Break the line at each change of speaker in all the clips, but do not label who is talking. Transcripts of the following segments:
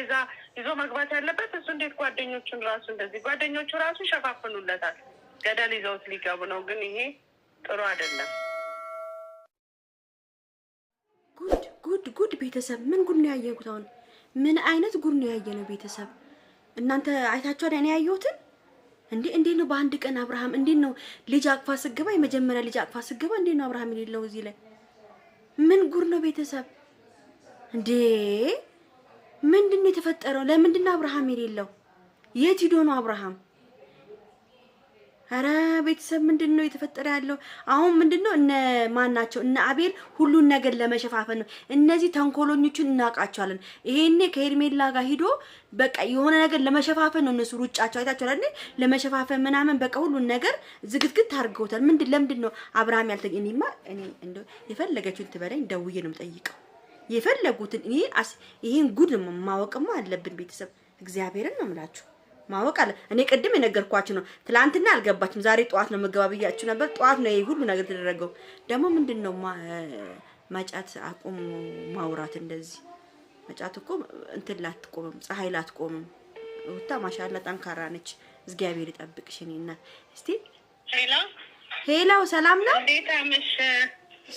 ይዛ ይዞ መግባት ያለበት እሱ እንዴት ጓደኞቹን ራሱ እንደዚህ ጓደኞቹ ራሱ ይሸፋፍኑለታል። ገደል ይዘውት ሊገቡ ነው። ግን ይሄ ጥሩ አይደለም።
ጉድ ጉድ ጉድ! ቤተሰብ ምን ጉድ ነው ያየሁት? አሁን ምን አይነት ጉድ ነው ያየ ነው ቤተሰብ? እናንተ አይታችኋል? እኔ ያየሁትን እንዴ! እንዴት ነው በአንድ ቀን አብርሃም እንዴት ነው ልጅ አቅፋ ስገባ፣ የመጀመሪያ ልጅ አቅፋ ስገባ እንዴት ነው አብርሃም የሌለው እዚህ ላይ? ምን ጉድ ነው ቤተሰብ እንዴ! ምንድን ነው የተፈጠረው? ለምንድን ነው አብርሃም የሌለው? የት ሂዶ ነው አብርሃም? ኧረ ቤተሰብ ምንድን ነው የተፈጠረ ያለው? አሁን ምንድን ነው እነ ማን ናቸው? እነ አቤል ሁሉን ነገር ለመሸፋፈን ነው። እነዚህ ተንኮሎኞቹን እናውቃቸዋለን። ይሄኔ ከሄርሜላ ጋር ሂዶ በቃ የሆነ ነገር ለመሸፋፈን ነው እነሱ ሩጫቸው። አይታቸው አይደል? ለመሸፋፈን ምናምን በቃ ሁሉን ነገር ዝግትግት አድርገውታል። ምንድን ለምንድን ነው አብርሃም ያልተገኘ? እኔማ እኔ እንደው የፈለገችውን ትበለኝ፣ ደውዬ ነው የምጠይቀው የፈለጉትን እኔ ይሄን ጉድ ማወቅማ አለብን። ቤተሰብ እግዚአብሔርን ነው የምላችሁ ማወቅ አለ። እኔ ቅድም የነገርኳችሁ ነው። ትላንትና አልገባችም። ዛሬ ጠዋት ነው መገባብያችሁ ነበር። ጠዋት ነው ይሄ ሁሉ ነገር የተደረገው። ደግሞ ምንድን ነው መጫት አቁሙ፣ ማውራት እንደዚህ መጫት እኮ እንትን ላትቆምም፣ ፀሐይ ላትቆምም። ውታ ማሻላ ጠንካራ ነች። እግዚአብሔር ይጠብቅሽ። እኔ እናት እስቲ ሄላው ሰላም ነው።
እንዴት አመሸ?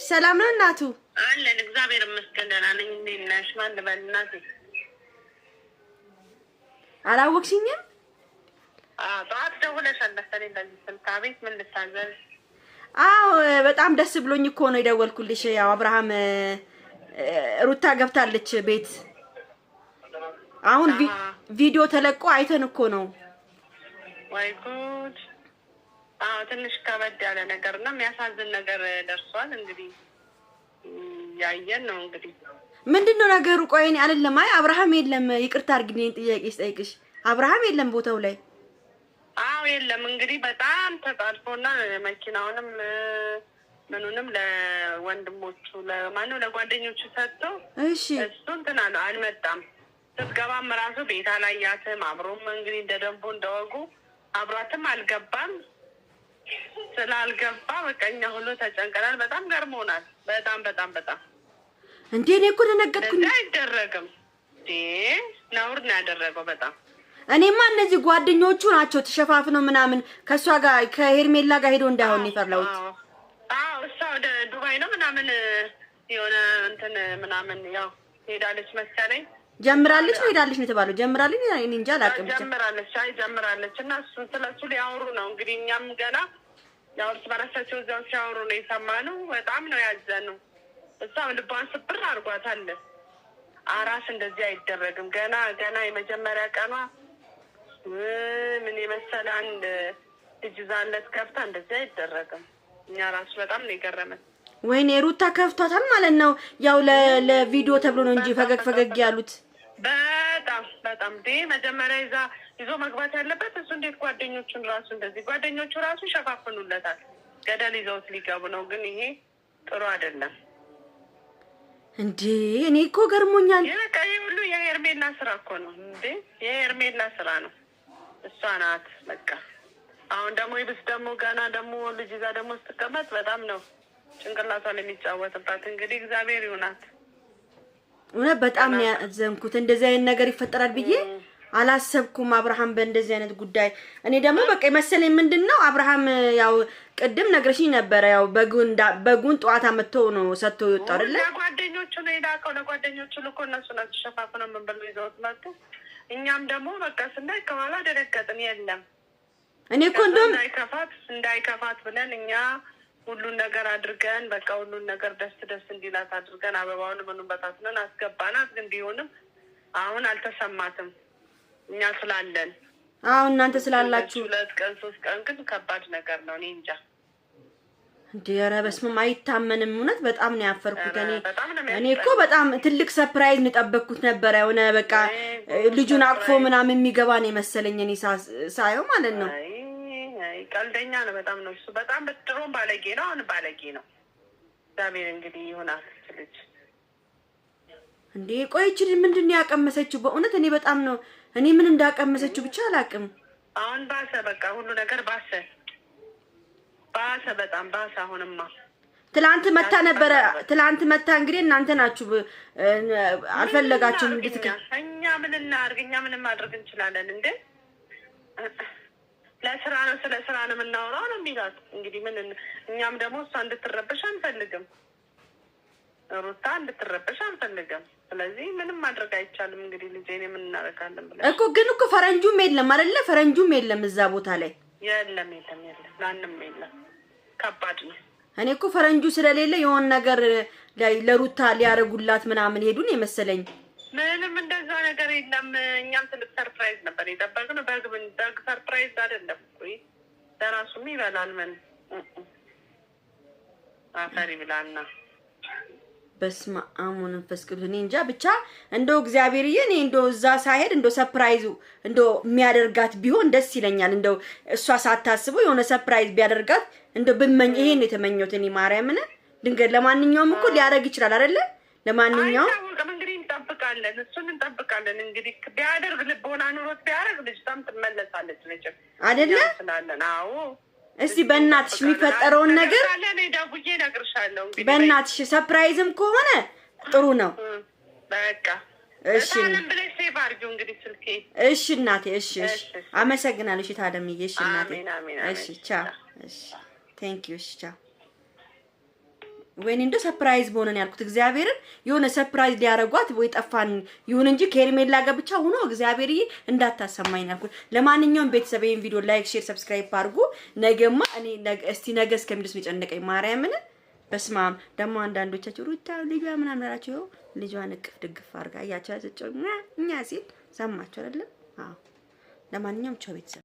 ሰላም ነው እናቱ?
አለን እግዚአብሔር ይመስገን ደህና ነኝ። እንዴት ነሽ? ማን ልበል እናቱ?
አላወቅሽኝም?
ጠዋት ደውለሻል መሰለኝ ለዚህ ስልክ። አቤት ምን ልታዘዝ?
አዎ በጣም ደስ ብሎኝ እኮ ነው የደወልኩልሽ። ያው አብርሃም ሩታ ገብታለች ቤት አሁን ቪዲዮ ተለቆ አይተን እኮ ነው።
ወይ ጉድ ትንሽ ከበድ ያለ ነገር እና የሚያሳዝን ነገር ደርሷል። እንግዲህ ያየን ነው እንግዲህ
ምንድን ነው ነገሩ? ቆይ እኔ አይደለም አይ አብርሃም የለም። ይቅርታ አድርግልኝ ጥያቄ ስጠይቅሽ፣ አብርሃም የለም ቦታው ላይ?
አዎ የለም። እንግዲህ በጣም ተጣልፎና መኪናውንም ምኑንም ለወንድሞቹ ለማነው ለጓደኞቹ ሰጥቶ እሺ፣ እሱ እንትን አለ አልመጣም። ስትገባም ራሱ ላይ ያትም አብሮም እንግዲህ እንደ ደንቡ እንደወጉ አብሯትም አልገባም። ስላልገባ በቃ እኛ ሁሉ ተጨንቀናል። በጣም ገርሞናል። በጣም በጣም በጣም
እንዴ! እኔ እኮ ደነገጥኩኝ።
አይደረግም እንዴ! ነውር ነው ያደረገው በጣም
እኔማ እነዚህ ጓደኞቹ ናቸው ተሸፋፍነው ምናምን ከእሷ ጋር ከሄርሜላ ጋር ሄዶ እንዳይሆን የፈላሁት።
አዎ እሷ ወደ ዱባይ ነው ምናምን የሆነ እንትን ምናምን ያው ሄዳለች መሰለኝ
ጀምራለች ነው ሄዳለች ነው የተባለው። ጀምራለች እኔ እንጃ አላውቅም።
ጀምራለች፣ አይ ጀምራለች። እና እሱን ስለሱ ሊያወሩ ነው እንግዲህ እኛም ገና ያው እርስ በራሳቸው እዚያው ሲያወሩ ነው የሰማነው። በጣም ነው ያዘነው። እሷም ልቧን ስብር አድርጓታል። አራስ እንደዚህ አይደረግም። ገና ገና የመጀመሪያ ቀኗ ምን የመሰለ አንድ ልጅ ዛለት ከፍታ እንደዚህ አይደረግም። እኛ ራሱ በጣም ነው የገረመን።
ወይኔ ሩታ ከፍቷታል ማለት ነው። ያው ለቪዲዮ ተብሎ ነው እንጂ ፈገግ ፈገግ ያሉት
በጣም በጣም ዴ መጀመሪያ ይዛ ይዞ መግባት ያለበት እሱ። እንዴት ጓደኞቹን ራሱ እንደዚህ ጓደኞቹ ራሱ ይሸፋፍኑለታል። ገደል ይዘውት ሊገቡ ነው። ግን ይሄ ጥሩ አይደለም።
እንዴ እኔ እኮ ገርሞኛል።
ይህ ሁሉ የሄርሜላ ስራ እኮ ነው እንዴ! የሄርሜላ ስራ ነው። እሷ ናት በቃ። አሁን ደግሞ ይብስ ደግሞ ገና ደግሞ ልጅ ይዛ ደግሞ ስትቀመጥ በጣም ነው ጭንቅላቷን የሚጫወትባት። እንግዲህ እግዚአብሔር ይሁናት።
እውነት በጣም ነው ያዘንኩት። እንደዚህ አይነት ነገር ይፈጠራል ብዬ አላሰብኩም። አብርሃም በእንደዚህ አይነት ጉዳይ እኔ ደግሞ በቃ መሰለኝ ምንድን ነው አብርሃም ያው ቅድም ነግረሽኝ ነበረ። ያው በጉን በጉን ጠዋት አመጥቶ ነው ሰጥቶ የወጣው አይደለ?
ለጓደኞቹ ነው የላከው። ለጓደኞቹ ልኮ እነሱ ናቸው ሸፋፍነው ምን ብለው ይዘውት መጡ። እኛም ደግሞ በቃ ስናይ ከኋላ ደነገጥን። የለም እኔ እኮ እንደውም እንዳይከፋት ብለን እኛ ሁሉን ነገር አድርገን በቃ ሁሉን ነገር ደስ ደስ እንዲላት አድርገን አበባውን ምኑን በታትነን አስገባናት። ግን ቢሆንም አሁን አልተሰማትም። እኛ ስላለን
አሁን እናንተ ስላላችሁ
ሁለት ቀን ሶስት ቀን ግን ከባድ ነገር ነው። እኔ እንጃ
ኧረ በስመ አብ አይታመንም። እውነት በጣም ነው ያፈርኩት። እኔ እኔ እኮ በጣም ትልቅ ሰፕራይዝ እንጠበቅኩት ነበረ። የሆነ በቃ ልጁን አቅፎ ምናምን የሚገባ ነው የመሰለኝ እኔ ሳየው ማለት ነው።
ቀልደኛ ነው በጣም ነው እሱ። በጣም ድሮም ባለጌ ነው፣ አሁን ባለጌ ነው። እግዚአብሔር እንግዲህ ይሁን አስች ልጅ
እንዴ ቆይችል ምንድን ነው ያቀመሰችው? በእውነት እኔ በጣም ነው እኔ ምን እንዳቀመሰችው ብቻ አላውቅም።
አሁን ባሰ፣ በቃ ሁሉ ነገር ባሰ ባሰ፣ በጣም ባሰ። አሁንማ
ትላንት መታ ነበረ። ትላንት መታ እንግዲህ እናንተ ናችሁ አልፈለጋችሁም። እንድትክ
እኛ ምን እናድርግ? እኛ ምንም ማድረግ እንችላለን እንዴ ለስራ ነው ስለ ስራ ነው የምናወራው ነው የሚላት። እንግዲህ ምን እኛም ደግሞ እሷ እንድትረበሽ አንፈልግም፣ ሩታ እንድትረበሽ አንፈልግም። ስለዚህ ምንም ማድረግ አይቻልም። እንግዲህ ልጄን የምናረጋለን
ብለ እኮ ግን እኮ ፈረንጁም የለም አይደለ? ፈረንጁም የለም እዛ ቦታ ላይ
የለም፣ የለም፣ የለም፣ ማንም የለም። ከባድ ነው።
እኔ እኮ ፈረንጁ ስለሌለ የሆን ነገር ለሩታ ሊያደርጉላት ምናምን ሄዱን የመሰለኝ
ምንም እንደዛ ነገር የለም። እኛም ትልቅ ሰርፕራይዝ ነበር የጠበቅን። በግ በግ ሰርፕራይዝ አይደለም እኮ ለራሱም ይበላል። ምን አፈር ይብላና
በስመ አብ ወመንፈስ ቅዱስ። እኔ እንጃ ብቻ እንደው እግዚአብሔርዬ፣ እኔ እንደው እዛ ሳይሄድ እንደው ሰፕራይዙ እንደው የሚያደርጋት ቢሆን ደስ ይለኛል። እንደው እሷ ሳታስበው የሆነ ሰፕራይዝ ቢያደርጋት እንደው ብመኝ፣ ይሄን የተመኘሁት እኔ ማርያምን። ድንገት ለማንኛውም እኮ ሊያደርግ ይችላል አይደለ? ለማንኛውም
እንላለን። እሱን እንጠብቃለን። እንግዲህ ቢያደርግ ልቦና ኑሮት ቢያደርግ ልጅቷም ትመለሳለች። መቼም አደለ ስላለን። አዎ
እስቲ በእናትሽ የሚፈጠረውን ነገር
ደውዬ እነግርሻለሁ።
በእናትሽ ሰፕራይዝም ከሆነ ጥሩ ነው።
በቃ እሺ ብለሽ ሴቭ አድርጊው እንግዲህ ስልኬ።
እሺ እናቴ፣ እሺ እሺ፣ አመሰግናለሁ። እሺ ታደምዬ፣ እሺ እናቴ፣ እሺ ቻው፣ እሺ ቴንኪው፣ እሺ ቻው ወይኔ እንደ ሰፕራይዝ በሆነ ነው ያልኩት። እግዚአብሔርን የሆነ ሰፕራይዝ ሊያረጓት ወይ ጠፋን ይሁን እንጂ ከሄርሜላ ጋር ብቻ ሆኖ እግዚአብሔር እንዳታሰማኝ ያልኩት። ለማንኛውም ቤተሰብ ይሄን ቪዲዮ ላይክ፣ ሼር፣ ሰብስክራይብ አድርጉ። ነገማ እኔ እስቲ ነገ እስከምድረስ ነው የጨነቀኝ ማርያምን። በስመ አብ ደግሞ አንዳንዶቻችሁ ሩታ ልጇ ምናምን አላችሁ። ይኸው ልጇን እቅፍ ድግፍ አድርጋ እያቸው ያዘችው እኛ ሲል ሰማችሁ አይደለም? አዎ። ለማንኛውም ቻው ቤተሰብ።